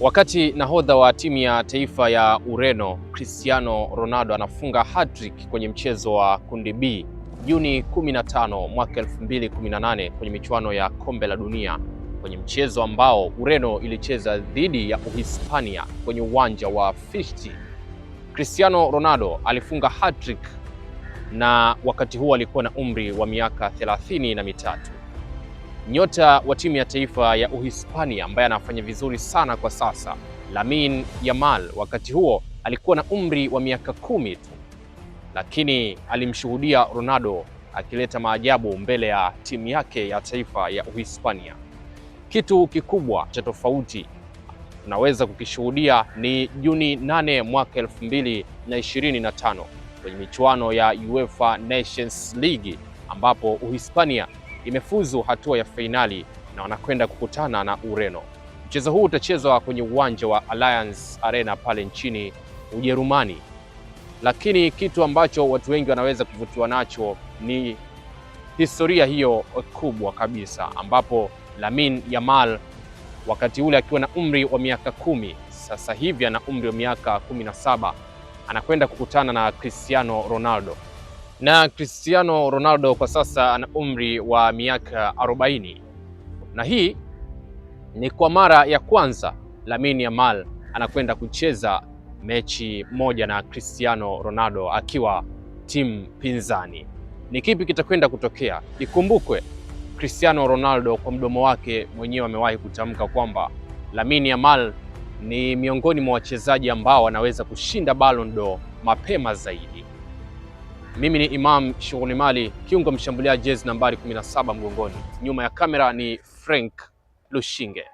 Wakati nahodha wa timu ya taifa ya Ureno Cristiano Ronaldo anafunga hat-trick kwenye mchezo wa kundi B Juni 15 mwaka 2018 kwenye michuano ya kombe la dunia kwenye mchezo ambao Ureno ilicheza dhidi ya Uhispania kwenye uwanja wa Fischl. Cristiano Ronaldo alifunga hat-trick na wakati huo alikuwa na umri wa miaka thelathini na mitatu. Nyota wa timu ya taifa ya Uhispania ambaye anafanya vizuri sana kwa sasa, Lamine Yamal, wakati huo alikuwa na umri wa miaka kumi tu, lakini alimshuhudia Ronaldo akileta maajabu mbele ya timu yake ya taifa ya Uhispania. Kitu kikubwa cha tofauti tunaweza kukishuhudia ni Juni 8 mwaka 2025 kwenye michuano ya UEFA Nations League ambapo Uhispania imefuzu hatua ya fainali na wanakwenda kukutana na Ureno. Mchezo huu utachezwa kwenye uwanja wa Allianz Arena pale nchini Ujerumani, lakini kitu ambacho watu wengi wanaweza kuvutiwa nacho ni historia hiyo kubwa kabisa, ambapo Lamine Yamal wakati ule akiwa na umri wa miaka kumi, sasa hivi ana umri wa miaka kumi na saba, anakwenda kukutana na Cristiano Ronaldo na Cristiano Ronaldo kwa sasa ana umri wa miaka 40, na hii ni kwa mara ya kwanza Lamine Yamal anakwenda kucheza mechi moja na Cristiano Ronaldo akiwa timu pinzani. Ni kipi kitakwenda kutokea? Ikumbukwe Cristiano Ronaldo kwa mdomo wake mwenyewe amewahi kutamka kwamba Lamine Yamal ni miongoni mwa wachezaji ambao wanaweza kushinda Ballon d'Or mapema zaidi. Mimi ni Imam Shughuli Mali, kiungo mshambuliaji, jezi nambari 17 mgongoni. Nyuma ya kamera ni Frank Lushinge.